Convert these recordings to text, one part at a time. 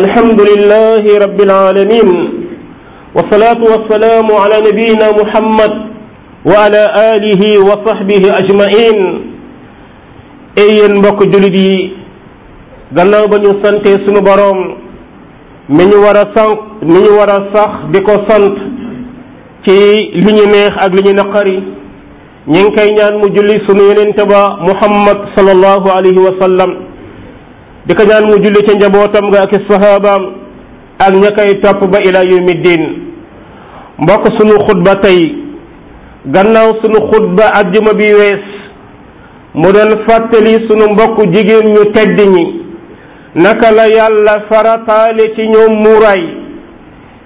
alhamdulilahi rabbil alamin wasalaatu wasalaamu ala nabiyina muhammad wa ala alihi wa sahbihi ajmain ey yéen mbokk jullit yi gannaaw ba ñu sante suñu boroom mi ñu war a sànq mi ñu war a sax di ko sant ci li ñu neex ak li ñu naqari ñi ngi koy ñaan mu julli sunu yonente ba muhammad sallallahu alayhi wa sallam di ko ñaan mu julli ca njabootam nga ak sahabaam ak ña koy topp ba ila yawmi diin mbokk sunu xutba tey gannaaw sunu xutba ajjuma bi wees mu doon fàttali sunu mbokk jigéen ñu tedd ñi naka la yàlla farataale ci ñoom muuraay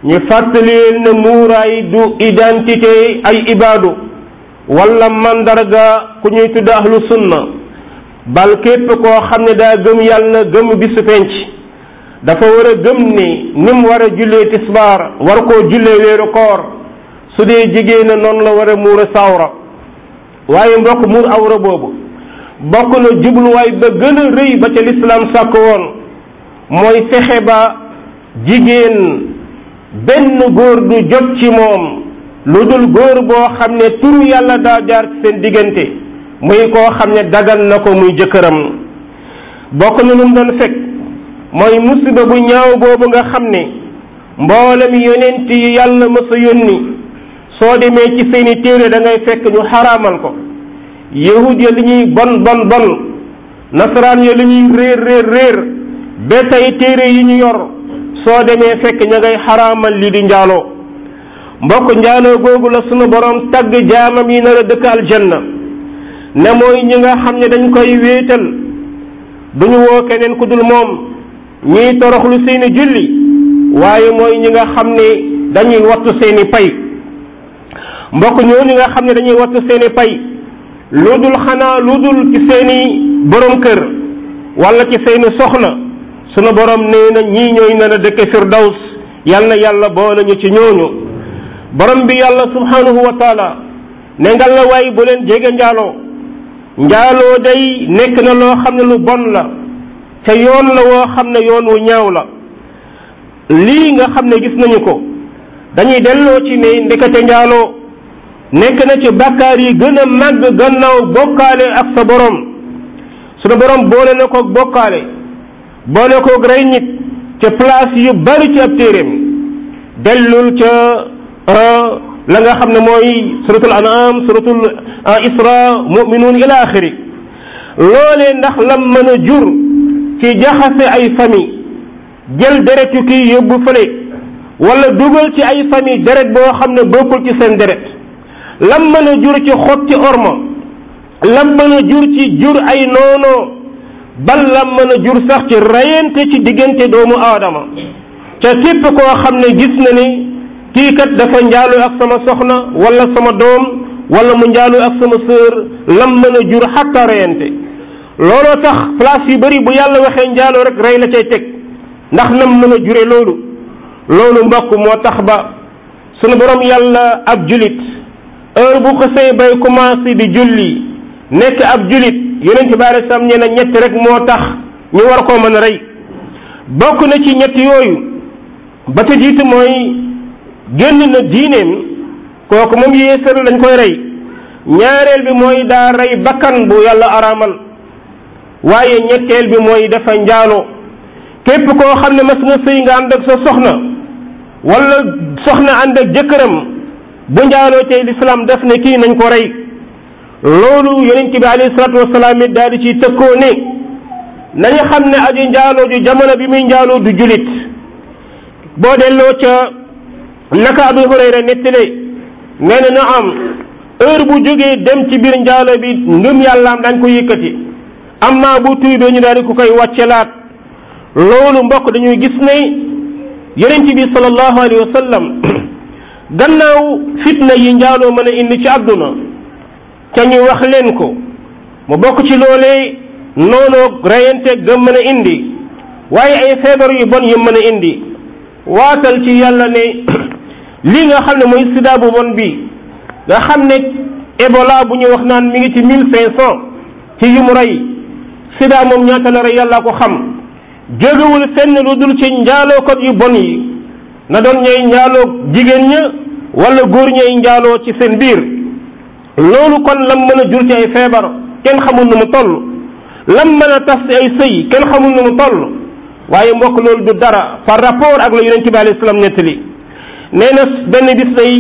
ñu fàttali ne muuraay du identité ay ibaadu wala mandarga ku ñuy tudd ahlu sunna bal koo xam ne daa gëm yàlla gëm bisu dafa war a gëm ni ni war a jullee tisbaar war koo jullee weeru koor su dee jigéen noonu la war a muur a sawra waaye mbokk muur awra boobu bokk na jubluwaay ba gën a rëy ba ca lislaam sàkk woon mooy fexe ba jigéen benn góor du jot ci moom lu dul góor boo xam ne tur yàlla daa jaar seen diggante muy koo xam ne dagan na ko muy jëkkëram bokk na lu mu fekk mooy musiba bu ñaaw boobu nga xam ne mboolem yonent yi yàlla mës a yónni soo demee ci seeni téere da ngay fekk ñu xaraamal ko yahud ya li ñuy bon bon bon nasaraan ya li ñuy réer réer réer ba tey téere yi ñu yor soo demee fekk ña ngay xaramal li di njaaloo mbokk njaaloo googu la sunu borom tagg jaamam yi nar a dëkk aljanna ne mooy ñi nga xam ne dañ koy wéetal duñu woo keneen ku dul moom ñiy toroxlu seeni julli waaye mooy ñi nga xam ne dañuy wattu seeni pay mbokk ñooñu nga xam ne dañuy wattu seeni pay lu dul xanaa lu dul ci seeni borom kër wala ci seeni soxna sunu borom nee na ñii ñooy nar a dëkk firdaws yal na yàlla boole nañu ci ñooñu borom bi yàlla subhanahu ne ngal la waay bu leen jege njaaloo njaaloo day nekk na loo xam ne lu bon la te yoon la woo xam ne yoon wu ñaaw la lii nga xam ne gis nañu ko dañuy delloo ci ne ndekete njaaloo nekk na ci bàkkaar yi gëna a màgg gannaaw bokkaale ak sa borom sunu borom boole na koog bokkaale boole koog rey nit ca place yu bari ci ab téeréem dellul ca ah, la nga xam ne mooy suratul anam suratul euh, isra muminuun ila axiri ndax lam mën a jur ci jaxase ay famille jël deret yu kii yóbbu fële wala dugal ci ay famille deret boo xam ne bokkul ci seen deret lam mën a jur ci xotti orma lam a jur ci jur ay noonoo bal lam mën a jur sax ci rayante ci diggante doomu aadama ca képp koo xam ne gis na ni kii kat dafa njaalu ak sama soxna wala sama doom wala mu njaalu ak sama sœur lam mën a jur xatta reyante looloo tax place yu bari bu yàlla waxee njaaloo rek rey la cay teg ndax nam mën a jure loolu loolu mbokk moo tax ba sunu borom yàlla ab julit heure bu xësee bay commencé di julli nekk ab julit yonent bi alei salaam nee ñett rek moo tax ñu war koo mën a rey bokk na ci ñett yooyu ba te jiitu mooy génn na diineem kooku moom yéefar la koy rey ñaareel bi mooy daa rey bakkan bu yàlla araamal waaye ñetteel bi mooy dafa njaaloo képp koo xam ne mas nga sëy nga ànd ak sa soxna wala soxna ànd ak jëkkëram bu njaaloo ci lislaam daf ne kii nañ ko rey loolu yonent bi alayhi salaatu wasalaam it daal di ciy tëkkoo ne nañu xam ne aji njaaloo ju jamono bi muy njaaloo du julit boo delloo ca naka Abu Hurayra nettalee nee na na am heure bu jógee dem ci biir njaalo bi ngëm yàllaam dañ ko yëkkati amma bu tuubee ñu daal ko koy wàccelaat loolu mbokk dañuy gis ne yonent bi sallallahu alayhi wa sallam gannaaw fitna yi njaaloo mën a indi ci àdduna ca ñu wax leen ko mu bokk ci loolee noonu reyante gëm mën a indi waaye ay feebar yu bon yu mën a indi waatal ci yàlla ne lii nga xam ne mooy sida bu bon bi nga xam ne Ebola bu ñu wax naan mi ngi ci mille cinq cent ci yu mu rey sida moom ñaata la rey yàlla ko xam jógewul fenn lu dul ci njaalookat yu bon yi na doon ñay njaaloo jigéen ña wala góor ñay njaaloo ci seen biir loolu kon lam mën a jur ci ay feebar kenn xamul nu mu toll lam mën a tas ci ay sëy kenn xamul nu mu toll waaye mbokk loolu du dara par rapport ak la yonente bi alayhi salaam nettali nee na benn bis day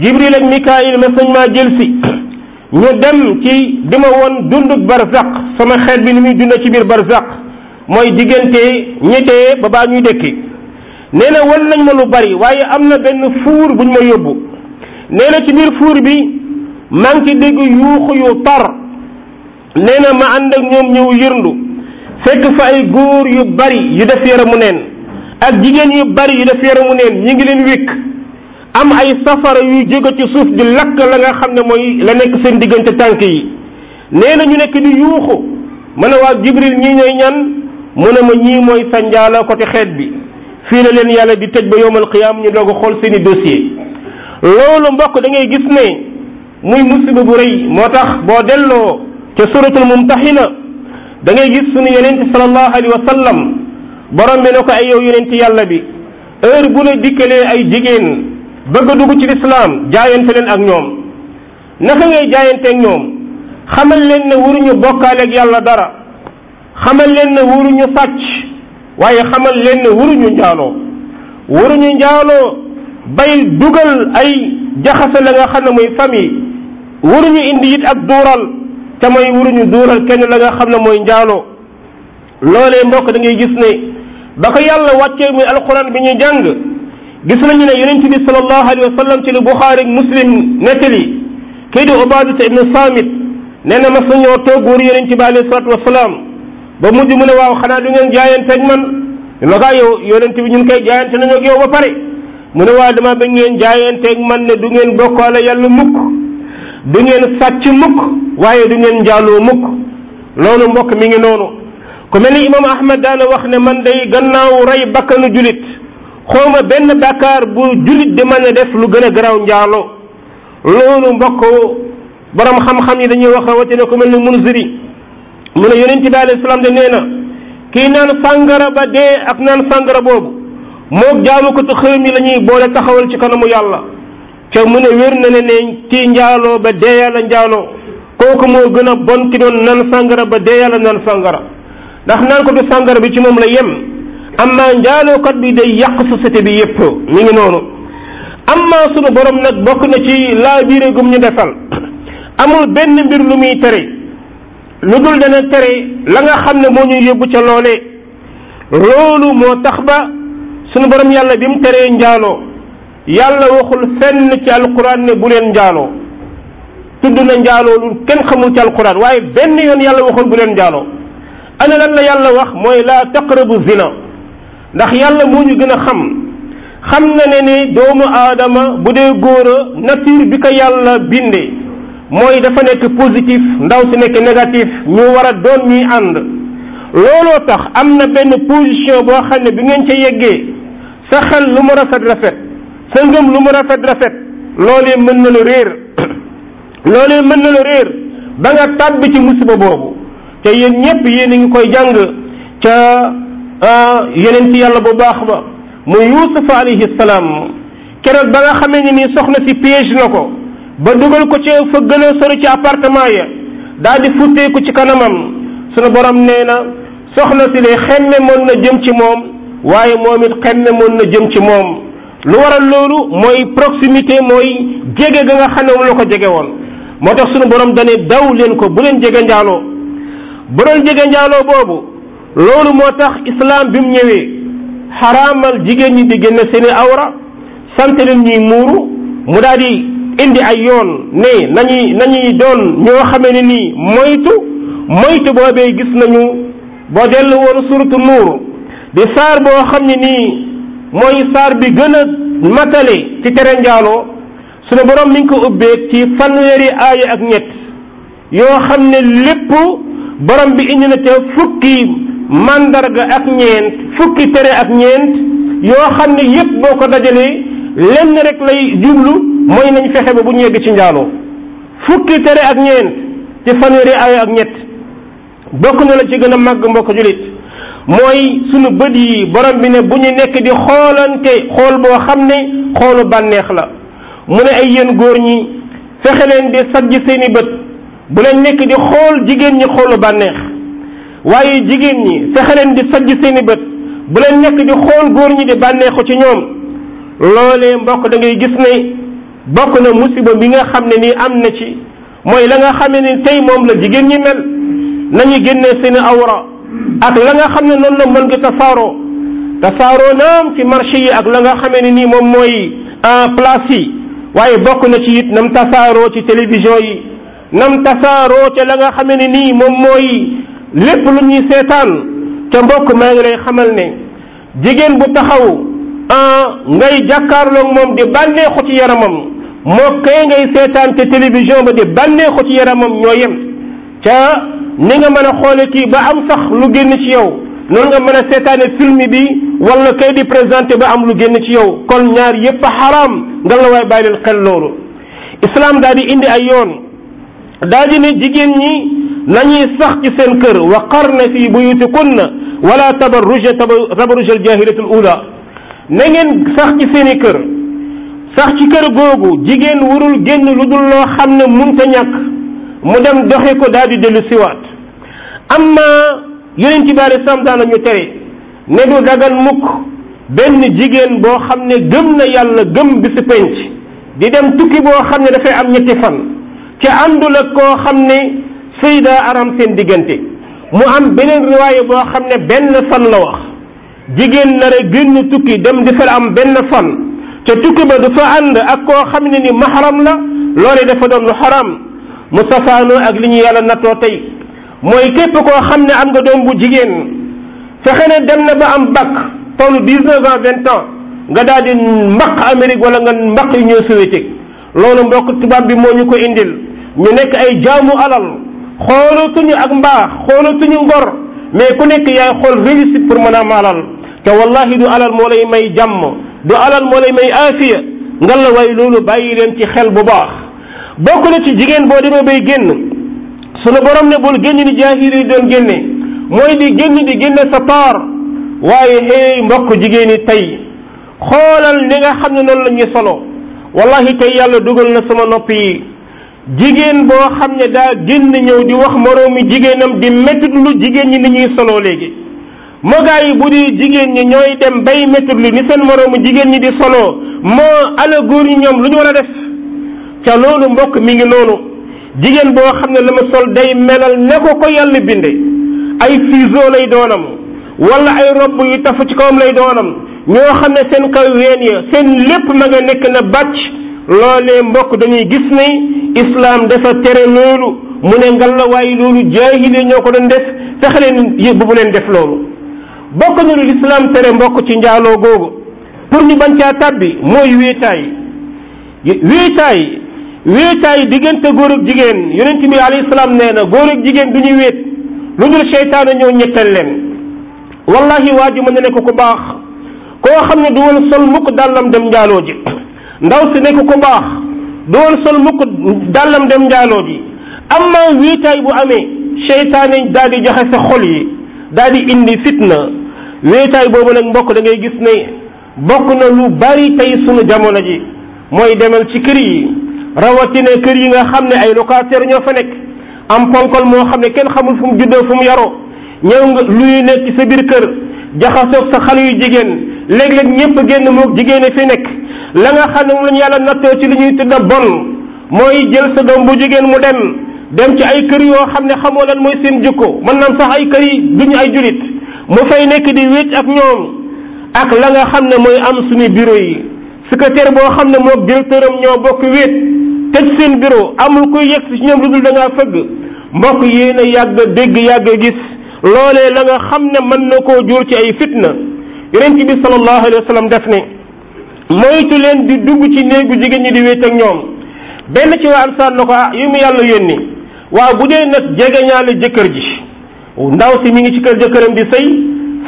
jibril ak mikaayil mas nañ maa jël si ñu dem ci bi ma woon dundug barzaq sama xeet bi ni muy dunda ci biir barzaq mooy diggante ñettee ba baa ñuy dëkki nee na wan nañ ma lu bari waaye am na benn fuur buñ ma yóbbu nee na ci biir fuur bi maa ngi ci dégg yuuxu yu tar nee ma ànd ak ñoom ñëw yërndu fekk fa ay góor yu bari yu def yaramu neen ak jigéen yu bari yi def yaramu neen ñi ngi leen wékk am ay safara yuy jóge ci suuf di lakk la nga xam ne mooy la nekk seen diggante tànk yi nee na ñu nekk di yuuxu mën a waa jibril ñii ñooy ñan mu ne ma ñii mooy sa njaala côté xeet bi fii la leen yàlla di tëj ba yowmal qiyaam ñu doog a xool seen i dossier loolu mbokk da ngay gis ne muy musiba bu rëy moo tax boo delloo ca suratul mumtaxina da ngay gis sunu yeneen ci sallallahu alayhi wa sallam borom bi ne ko ay yow yonent yàlla bi heure bu la dikkalee ay jigéen bëgg a dugg ci lislaam jaayante leen ak ñoom naka ngay jaayante ñoom xamal leen ne waruñu bokkaale ak yàlla dara xamal leen ne waruñu sàcc waaye xamal leen ne waruñu njaaloo waruñu njaaloo bay dugal ay jaxase la nga xam ne mooy famille waruñu indi it ak duural te mooy waruñu duural kenn la nga xam ne mooy njaaloo loole mbokk da ngay gis ne ba ko yàlla wàccee muy alquran bi ñuy jàng gis nañu ne yonent bi sallallahu alayhi wa sallam ci lu buxaari muslim nettali kii di ubadata ibnu samit nee na mas nañoo toog wër yonent bi alayhi salatu wasalaam ba mujj mu ne waaw xanaa du ngeen jaayanteeg man ma kaa yow yonent bi ñu koy jaayante nañu ak yow ba pare mu ne waaw dama bëgg ngeen jaayanteeg man na du ngeen bokkaale yàlla mukk du ngeen sàcc mukk waaye du ngeen njaaloo mukk loolu mbokk mi ngi noonu ku mel ni imaam Ahmad daana wax ne man day gannaaw rey bakkanu jullit xawma benn bàkkaar bu jullit di mën a def lu gën a garaaw njaalo loolu mbokk borom xam-xam yi dañuy wax rawatina ku mel ni Munziri mu ne yenn bi alayhi salaam de nee na kii naan sàngara ba dee ak naan sàngara boobu moog jaamu ko te xërëm yi la boole taxawal ci kanamu yàlla te mu ne wér na ne ne kii njaaloo ba dee yàlla njaaloo kooku moo gën a bon ki doon naan sàngara ba dee yàlla naan sàngara ndax naan ko du sàngara bi ci moom la yem amma njaalookat bi day yàq société bi yépp mi ngi noonu amma sunu borom nag bokk na ci laa biire gum ñu defal amul benn mbir lu muy tere lu dul dana tere la nga xam ne moo ñuy yóbbu ca loolee loolu moo tax ba sunu borom yàlla bi mu teree njaaloo yàlla waxul fenn ci alquran ne bu leen njaaloo tudd na njaaloo lu kenn xamul ci alquran waaye benn yoon yàlla waxul bu leen njaaloo ana lan la yàlla wax mooy laa taqrabu zina ndax yàlla moo ñu gën a xam xam na ne ni doomu aadama bu dee góor a nature bi ko yàlla bindee mooy dafa nekk positif ndaw si nekk négatif ñu war a doon ñuy ànd looloo tax am na benn position boo xam ne bi ngeen ca yeggee sa xel lu mu rafet rafet sa ngëm lu mu rafet rafet loolee mën na la réer loolee mën na la réer ba nga tàbbi ci musiba boobu te yéen ñépp yéen a ngi koy jàng ca ah, yeneen ci yàlla bu baax ba mu yusuf alayhi salaam keroog ba nga xamee ni nii soxna si piège na ko ba dugal ko ci fa gën a sori ci appartement ya daal di futteeku ci kanamam sunu borom nee na soxna si de xemme mën na jëm ci moom waaye moom it xemme mën na jëm ci moom lu waral loolu mooy proximité mooy jege ga nga xam ne moom la ko jege woon moo tax sunu borom dane daw leen ko bu leen jege njaaloo borom jege njaaloo boobu loolu moo tax islam bi mu ñëwee xaraamal jigéen ñi di génn seeni awra sant leen ñuy muuru mu daal di indi ay yoon ne nañuy nañuy doon ñoo xamee ne nii moytu moytu boobee gis nañu boo dellu woon suratu nuur di saar boo xam ne nii mooy saar bi gën a matale ci tere njaaloo sunu borom mi ngi ko ubbee ci fanweeri aaya ak ñett yoo xam ne lépp borom bi indi na ca fukki màndarga ak ñeent fukki tere ak ñeent yoo xam ne yépp boo ko dajalee lenn rek lay jublu mooy nañ fexe ba bu ñu yegg ci njaaloo fukki tere ak ñeent ci fanweeri aaya ak ñett bokk na la ci gën a màgg mbokk julit mooy sunu bët yi borom bi ne bu ñu nekk di xoolante xool boo xam ne xoolu bànneex la mu ne ay yenn góor ñi fexe leen di sajj seeni bët bu leen nekk di xool jigéen ñi xoolu bànneex waaye jigéen ñi fexe leen di sajj seeni bët bu leen nekk di xool góor ñi di bànneexu ci ñoom loolee mbokk da ngay gis ne bokk na musiba bi nga xam ne nii am na ci mooy la nga xam ne ni tey moom la jigéen ñi mel nañu génnee seeni awra ak la nga xam ne noonu la mën nga tasaaroo tasaaroo naam ci marché yi ak la nga xamee ne nii moom mooy en euh, place yi waaye bokk na ci it nam tasaaroo ci télévision yi nam tasaaroo ca la nga xame ne nii moom mooy lépp lu ñuy seetaan ca mbokk maa ngi lay xamal ne jigéen bu taxaw ah, ngay jàkkaarloog moom di bànneexu ci yaramam moo kay ngay seetaan te télévision ba di bànneexu ci yaramam moom yem ca ni nga mën a xoole kii ba am sax lu génn ci yow noonu nga mën a seetaane film bi wala kay di présenté ba am lu génn ci yow kon ñaar yépp a xaraam nga la waay bàyyil xel loolu islam daal di indi ay yoon daaji ne jigéen ñi nañuy sax ci seen kër wa qarna fi buyutikunna wala tabarruja tabarruja aljahilati alula na ngeen sax ci seen i kër sax ci kër googu jigéen warul génn lu dul loo xam na munta ñàkk mu dem doxe ko daal di dellu siwaat amma yeneen ci baari sam daan ñu tere ne du dagan mukk benn jigéen boo xam ne gëm na yàlla gëm bi di dem tukki boo xam ne dafay am ñetti fan ci àndul ak koo xam ne sëy daa aram seen diggante mu am beneen riwaaya boo xam ne benn fan la wax jigéen nar a génn tukki dem di fa am benn fan ca tukki ba dafa ànd ak koo xam ne ni maxaram la loole dafa doon lu xaram mu safaanoo ak li ñu yàlla nattoo tey mooy képp koo xam ne am nga doom bu jigéen fexe ne dem na ba am bac toll dix-neuf ans vingt ans nga daal di mbaq Amérique wala nga mbaq Union soviétique loolu mbokk tubaab bi moo ñu ko indil ñu nekk ay jaamu alal xoolatuñu ak mbaax xoolatuñu ngor mais ku nekk yaay xool réussite pour mën a am alal te wallahi du alal moo lay may jàmm du alal moo lay may aafiya nga la way loolu bàyyi leen ci xel bu baax bokk na ci jigéen boo demee bay génn ne borom ne bul génn di jaahir yi doon génne mooy di génn di génne sa taar waaye hey mbokk jigéen ñi tey xoolal li nga xam ne noonu la ñuy solo wallahi tey yàlla dugal na sama nopp yi jigéen boo xam ne daal génn ñëw di wax moroomi jigéenam di méttit lu jigéen ñi ni ñuy soloo léegi mogaa yi bu di jigéen ñi ñooy dem bay méttit ni seen moroomi jigéen ñi di soloo moo ala góor ñi ñoom lu ñu war a def ca loolu mbokk mi ngi noonu jigéen boo xam ne dama ma sol day melal ne ko ko yàlla binde ay ciseaux lay doonam wala ay robb yu tafu ci kawam lay doonam ñoo xam ne seen kaw ween ya seen lépp ma nga nekk na bàcc loolee mbokk dañuy gis nay islam dafa tere loolu mu ne na waaye loolu jaahile ñoo ko doon def fexe leen bu mu leen def loolu bokk na lu lislaam tere mbokk ci njaaloo googu pour ñu bañ caa tàbbi mooy wéetaay wéetaay wéetaay diggante góor ak jigéen yonent bi alayhi salaam nee na góor ak jigéen du ñuy wéet lu dul seytaane ñëw ñettal leen wallahi waa ji mën na nekk ko baax koo xam ne du woon sol mukk dàllam dem njaaloo ji ndaw si nekk ko baax du woon sol mukk dàllam dem njaaloo ji amma wiitaay bu amee seytaane daal di joxe xol yi daal di indi fitna wiitaay boobu nag mbokk da ngay gis ne bokk na lu bari tey sunu jamono ji mooy demal ci kër yi rawatina kër yi nga xam ne ay locataire ñoo fa nekk am ponkol moo xam ne kenn xamul fu mu juddoo fu mu yaroo ñëw luy nekk sa biir kër jaxasoog sa xale yu jigéen léeg-léeg ñëpp génn moo jigéen fi nekk la nga xam ne moom la ñu yàlla nattoo ci li ñuy tudda bon mooy jël sa doom bu jigéen mu dem dem ci ay kër yoo xam ne xamoo lan mooy seen jikko mën naam sax ay kër yi ñu ay julit mu fay nekk di wécc ak ñoom ak la nga xam ne mooy am suñu bureau yi secrétaire boo xam ne moog directeuram ñoo bokk wéet tëj seen bureau amul kuy yegg si ñoom lu dul da fëgg mbokk yéen a yàgg dégg yàgg gis loole la nga xam ne mën na koo jur ci ay fitna yonent bi sallallahu alayhi wa sallam def ne moytu leen di dugg ci néeg bu jigéen ñi di wéet ak ñoom benn ci waa ansaar na ko ah yu mu yàlla yónni waaw bu dee nag jegeñaale jëkkër ji ndaw si mu ngi ci kër jëkkëram di sëy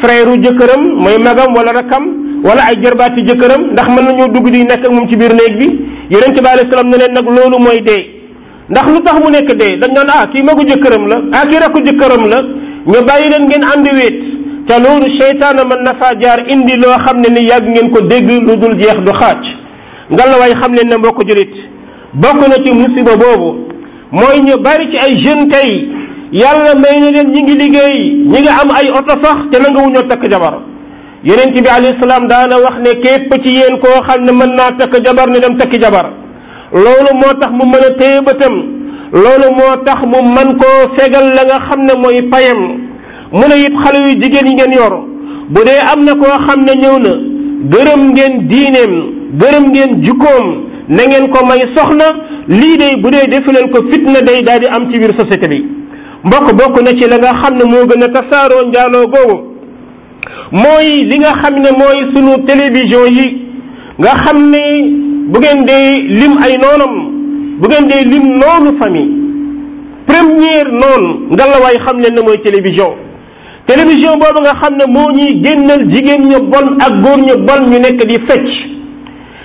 frère jëkkëram mooy magam wala rakam wala ay jarbaati jëkkëram ndax mën nañoo dugg di nekk ak moom ci biir néeg bi yonent bi alayhi salaam ne leen nag loolu mooy dee ndax lu tax mu nekk dee dañ naan ah kii magu jëkkëram la ah kii rakku jëkkëram la bàyyi leen ngeen ànd wéet te loolu seytaana mën na faa jaar indi loo xam ne ni yàgg ngeen ko dégg lu dul jeex du xaaj ngalawaay xam leen ne mbokk julit bokk na ci musiba boobu mooy ñu bari ci ay jeune tey yàlla may na leen ñi ngi liggéey ñi nga am ay oto sax te na nga wuñoo takk jabar yeneen bi alayhi salaam daana wax ne képp ci yéen koo xam ne mën naa takk jabar ne dem takki jabar loolu moo tax mu mën a téye bëtam loolu moo tax mu man koo fegal la nga xam ne mooy payam mu ne it xale yu jigéen yi ngeen yor bu dee am na koo xam ne ñëw na gërëm ngeen diineem gërëm ngeen jukkoom na ngeen ko may soxna lii de bu dee defu leen ko fitna day daal di am ci biir société bi mbokk bokk na ci la nga xam ne moo gën a tasaaroo njaaloo googu mooy li nga xam ne mooy sunu télévision yi nga xam ne bu ngeen dee lim ay noonam bu ngeen dee lim noonu famille première noonu ngalawaay xam leen ne mooy télévision télévision boobu nga xam ne moo ñuy génnal jigéen ñu bon ak góor ñu bon ñu nekk di fecc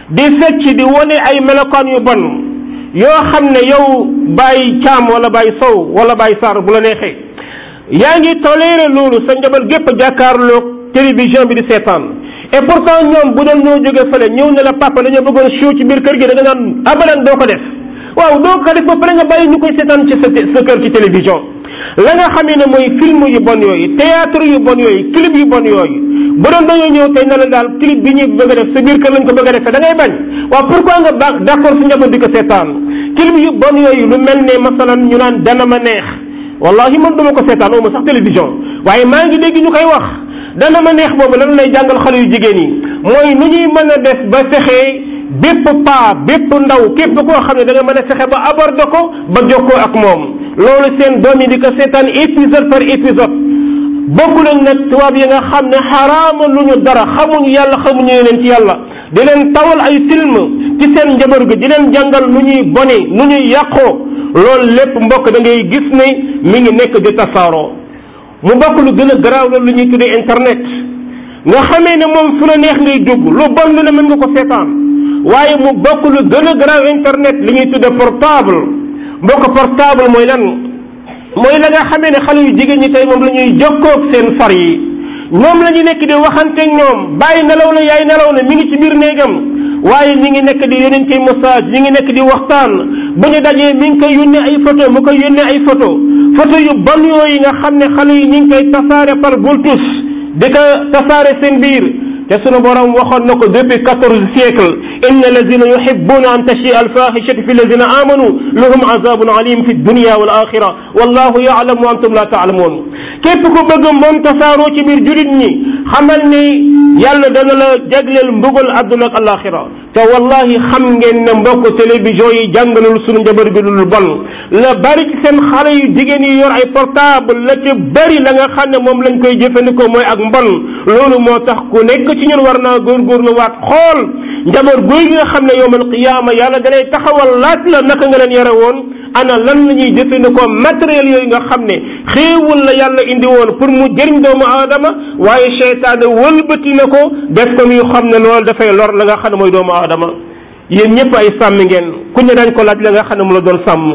di fecc di wane ay melokaan yu bon yoo xam ne yow bàyyi caam wala bàyyi sow wala bàyyi saar bu la neexee yaa ngi toléré loolu sa njaboot gépp jàkkaarloog télévision bi di seetaan et pourtant ñoom bu doon ñoo jóge fële ñëw ne la papa dañoo bëggoon show ci biir kër gi da nga naan abadan doo ko def waaw doo ko def ba pare nga bàyyi ñu koy seetaan ci sa sa kër ci télévision la nga xamee ne mooy film yu bon yooyu théâtre yu bon yooyu clip yu bon yooyu bu doon dañoo ñëw tey ne la daal clip bi ñuy bëgg a def sa biir kër lañ ko bëgg a defee da ngay bañ waaw pourquoi nga baax d'accord su njaboot di ko seetaan clip yu bon yooyu lu mel ne masalan ñu naan dana ma neex wallahi man duma ko seetaan uma sax télévision waaye maa ngi dégg ñu koy wax dana ma neex boobu lan lay jàngal xale yu jigéen yi mooy nu ñuy mën a def ba fexee bépp paa bépp ndaw képp koo xam ne da nga mën a fexe ba aborder ko ba jokkoo ak moom loolu seen doom yi di ko seetaan épisode par épisode bokk nañ nag tubaab yi nga xam ne xaraama lu ñu dara xamuñu yàlla xamuñu yeneen ci yàlla di leen tawal ay film ci seen njaboot gi di leen jàngal nu ñuy bone nu ñuy yàqoo lool lépp mbokk da ngay gis ne mi ngi nekk di tasaaroo mu bokk lu gën a garaaw la lu ñuy tuddee internet nga xamee ne moom fu la neex ngay dugg lu bon lu ne mën nga ko seetaan waaye mu bokk lu gën a garaaw internet li ñuy tuddee portable mbokk portable mooy lan mooy la nga xam ne xale yu jigéen ñi tey moom la ñuy jokkoog seen far yi ñoom la ñu nekk di waxanteeg ñoom bàyyi nelaw la yaay nelaw la mi ngi ci biir néegam waaye ñi ngi nekk di yónneen koy message ñi ngi nekk di waxtaan bu ñu dajee mi ngi koy yónnee ay photo mu koy yónnee ay photo photo yu bon yooyu nga xam ne xale yi ñu ngi koy tasaare par bultus di ka tasaare seen biir te sunu borom waxoon na ko depuis quatorze siècle inna alladina yuhibbuna an tachia alfahishatu fi alladina amanu lahum azabun alim fi dunia wal axira wallahu yaalam wa antum la taalamuun képp ku bëgg moom tasaaroo ci biir julit ñi xamal ni yàlla dana la jagleel mbugal àdduna ak alaxira te wallahi xam ngeen ne mbokk télévision yi jàngalul sunu njaboot bi lu bon la bari ci seen xale yu jigéen yi yor ay portable la ci bari la nga xam ne moom lañ koy jëfandikoo mooy ak mbon loolu moo tax ku nekk ci ñun war naa góorgóorlu waat xool njaboot guy nga xam ne yowmal qiyaama yàlla dalay taxawal laaj la naka nga leen yore ana lan la ñuy jëfandikoo matériel yooyu nga xam ne xéewul la yàlla indi woon pour mu jëriñ doomu aadama waaye seytaane wëlbati na ko def ko muy xam ne loolu dafay lor la nga xam ne mooy doomu aadama yéen ñëpp ay sàmm ngeen ku ne dañ ko laaj la nga xam ne mu la doon sàmm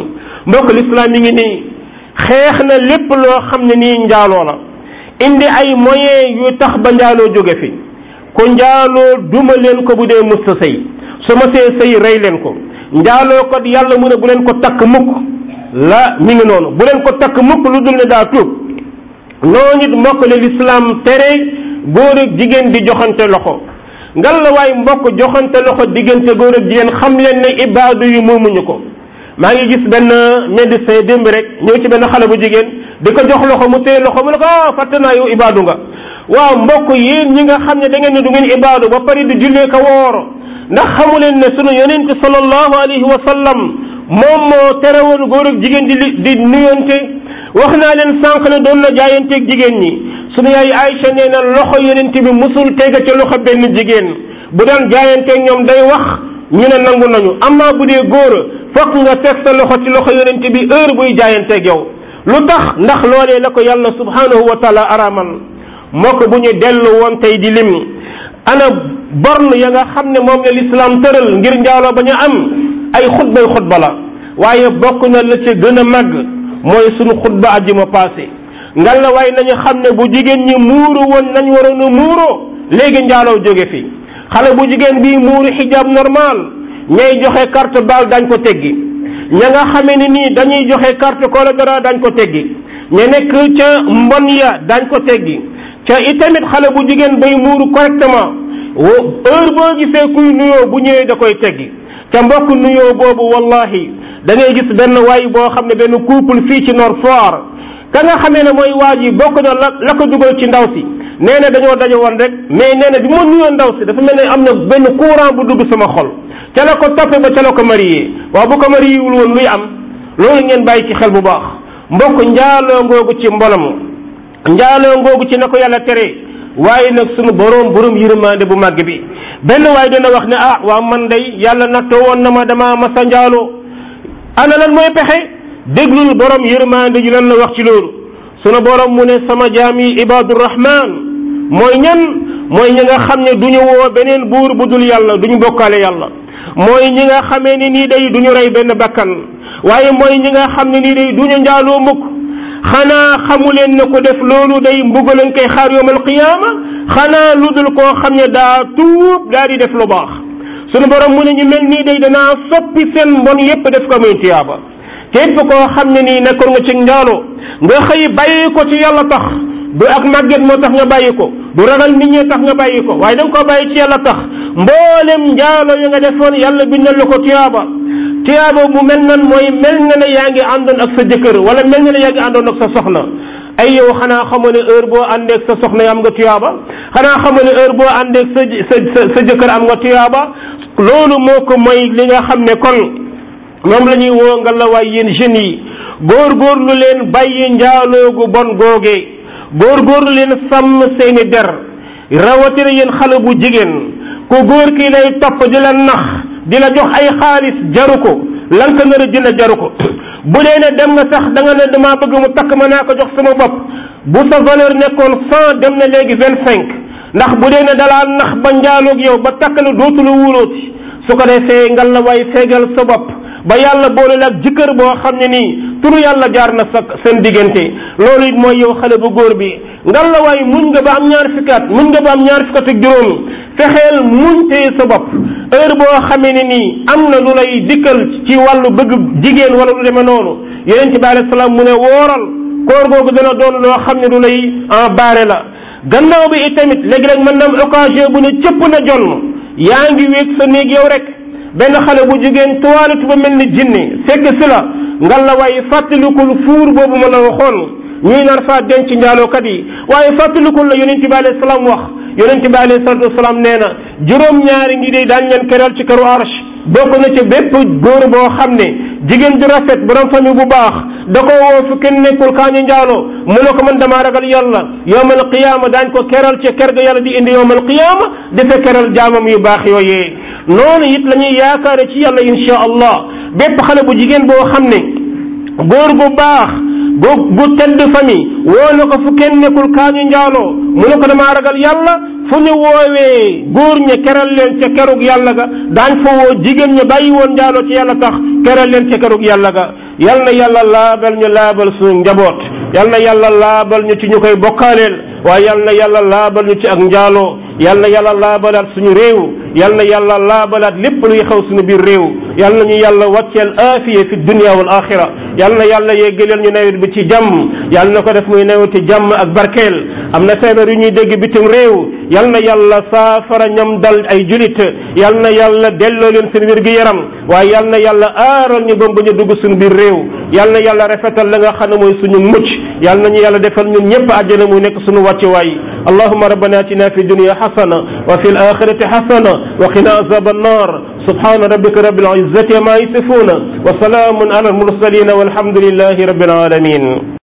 mbokk lislaam yi ngi nii xeex na lépp loo xam ne nii njaaloo la indi ay moyens yu tax ba njaaloo jóge fi ku njaaloo duma leen ko bu dee musta sëy su ma see sëy rey leen ko njaaloo ko yàlla mu ne bu leen ko takk mukk la ñu ngi noonu bu leen ko takk mukk lu dul ne daa tuub noonu it mbokk li lislaam tere góor ak jigéen di joxante loxo ngal la waay mbokk joxante loxo diggante góor ak jigéen xam leen ne ibaadu yu moomuñu ko maa ngi gis benn médecin démb rek ñëw ci benn xale bu jigéen di ko jox loxo mu téye loxo mu ne ko ah fàtte naa yow ibaadu nga waaw mbokk yéen ñi nga xam ne da ngeen ne du ngeen ibaadu ba pare du jullee ka woor ndax xamuleen ne sunu yonent bi sallallahu alayhi wa sallam moom moo terewoon góor jigéen di di nuyonte wax naa leen sànq ne doon na jaayanteeg jigéen ñi sunu yaay Aïcha nee na loxo yonent bi musul tega ca loxo benn jigéen bu daan jaayanteeg ñoom day wax ñu ne nangu nañu amaa bu dee góor fokk nga teg sa loxo ci loxo yonent bi heure buy jaayanteeg yow lu tax ndax loolee la ko yàlla subhanahu wa taala araamal moo ko bu ñu dellu woon tey di lim ana borne ya nga xam ne moom la lislaam tëral ngir njaaloo ba ñu am ay xutbay xutba la waaye bokk na la ca gën a màgg mooy sunu xutba ma passé ngal la waaye nañu xam ne bu jigéen ñi muuru woon nañ waroon a muuroo léegi njaaloo jóge fi xale bu jigéen bii muuru xijaab normal ñay joxe carte bal dañ ko teggi ña nga xamee ne nii dañuy joxe carte colorera dañ ko teggi ña nekk ca mbon ya dañ ko teggi ca itamit xale bu jigéen bay muuru correctement heure boo gisee kuy nuyoo bu ñëwee da koy teggi ca mbokk nuyoo boobu wallahi da ngay gis benn waay boo xam ne benn couple fii ci noor Foire ka nga xamee ne mooy waa ji bokk na la la ko dugal ci ndaw si nee na dañoo daje woon rek mais nee na bi ma nuyoo ndaw si dafa mel ne am na benn courant bu dugg sama xol ca la ko toppe ba ca la ko marié waaw bu ko marié woon luy am loolu ngeen bàyyi ci xel bu baax mbokk njaaloo ngoogu ci mbolom njaaloo ngoogu ci na ko yàlla tere waaye nag sunu boroom boroom yërmande bu màgg bi benn waaye dana wax ne ah waa man day yàlla na woon na ma dama masa njaaloo ana lan mooy pexe déglul boroom yërmande ji lan la wax ci loolu sunu boroom mu ne sama jaam yi ibadurahman mooy ñan mooy ñi nga xam ne duñu woo beneen buur bu dul yàlla duñu bokkaale yàlla mooy ñi nga xamee ne nii day duñu rey benn bakkan waaye mooy ñi nga xam ne nii day duñu njaaloo mukk xanaa xamu leen ne ku def loolu day mbugalan koy xaar yowmal qiyaama xanaa lu dul koo xam ne daa tuub daa di def lu baax sunu borom mu ne ñu mel nii day danaa soppi seen mbon yépp def ko muy tiyaaba képp ko xam ne nii nekkoon nga ci njaaloo nga xëy bàyyi ko ci yàlla tax du ak màgget moo tax nga bàyyi ko du ragal nit ñi tax nga bàyyi ko waaye da koo bàyyi ci yàlla tax mboolem njaaloo yi nga defoon yàlla bindal la ko tiyaaba tiyaabo bu mel nan mooy mel na ne yaa ngi àndoon ak sa jëkkër wala mel na ne yaa ngi àndoon ak sa soxna ay yow xanaa xamoo ne heure boo àndee ak sa soxna am nga tuyaaba xanaa xamoo ne heure boo àndee ak sa sa sa jëkkër am nga tuyaaba loolu moo ko mooy li nga xam ne kon moom la ñuy woo nga la waay yéen jeunes yi góorgóorlu leen bàyyi njaaloo gu bon googee góorgóorlu leen sàmm seeni der rawatina yéen xale bu jigéen ku góor ki lay topp di la nax di la jox ay xaalis jaru ko lan ko nar a jaru ko bu dee ne dem nga sax da nga ne damaa bëgg mu takk ma naa ko jox sama bopp bu sa valeur nekkoon cent dem na léegi vingt cinq ndax bu dee ne dalaa nax ba njaaloog yow ba takk la dootu la wóolooti su ko defee ngal la way fegal sa bopp ba yàlla boole la ak jëkkër boo xam ne nii turu yàlla jaar na sa seen diggante loolu it mooy yow xale bu góor bi ngal la waay muñ nga ba am ñaar fukkaat muñ nga ba am ñaar fukkaat ak juróom fexeel muñ tee sa bopp heure boo xam ne nii am na lu lay dikkal ci wàllu bëgg jigéen wala lu demee noonu yeneen ci bi alei salaam mu ne wooral koor googu dana doon loo xam ne lu lay en baare la gannaaw bi itamit léegi rek mën na am occasion bu ne cëpp na jonn yaa ngi wéeg rek benn xale bu jigéen toilette ba mel ni jinni fekk si la nga la waaye fàttalikul fuur boobu ma la waxoon ñuy nar faa denc njaalookat yi waaye fàttalikul la yonent bi alayhi salaam wax yonent bi alayhi salaatu wasalaam nee na juróom-ñaari ngi dee daañu leen keral ci këru arsh bokk na ci bépp góor boo xam ne jigéen ju rafet borom famille bu baax da ko woo fu kenn nekkul kaa ñu njaaloo mu ne ko man damaa ragal yàlla yowmal qiyaama daañ ko keral ci ker ga yàlla di indi yowmal qiyaama dafa keral jaama yu baax yooyee noonu it la ñuy yaakaare ci yàlla insha allah bépp xale bu jigéen boo xam ne góor bu baax gu gu tedd famille woo na ko fu kenn nekkul kaa ñu njaaloo mu ne ko damaa ragal yàlla fu ñu woowee góor ña keral leen ca kerug yàlla ga daañ fa woo jigéen ña bàyyi woon njaaloo ci yàlla tax keral leen ci kerug yàlla ga yal na yàlla laabal ñu laabal suñu njaboot yal na yàlla laabal ñu ci ñu koy bokkaaleel waaye yal na yàlla laabal ñu ci ak njaaloo yal na yàlla laabalaat suñu réew yal na yàlla laabalaat lépp luy xaw suñu biir réew yal na ñu yàlla wàcceel aafiya fi wa wal axira yal na yàlla yeggaleel ñu nawet bi ci jàmm yal na ko def muy naweti jàmm ak barkeel am na feebar yu ñuy dégg bitim réew yal na yàlla saafara ñam dal ay julit yal na yàlla delloo leen seen wér gi yaram waaye yal na yàlla aaral ñu bam ba ñu dugg sunu biir réew yal na yàlla rafetal la nga xam ne mooy suñu mucc yal na ñu yàlla defal ñun ñëpp àjjana muy nekk suñu wàccuwaay allahumma rabbana atina fi وقنا عذاب النار سبحان ربك رب العزة ما يصفون وسلام على المرسلين والحمد لله رب العالمين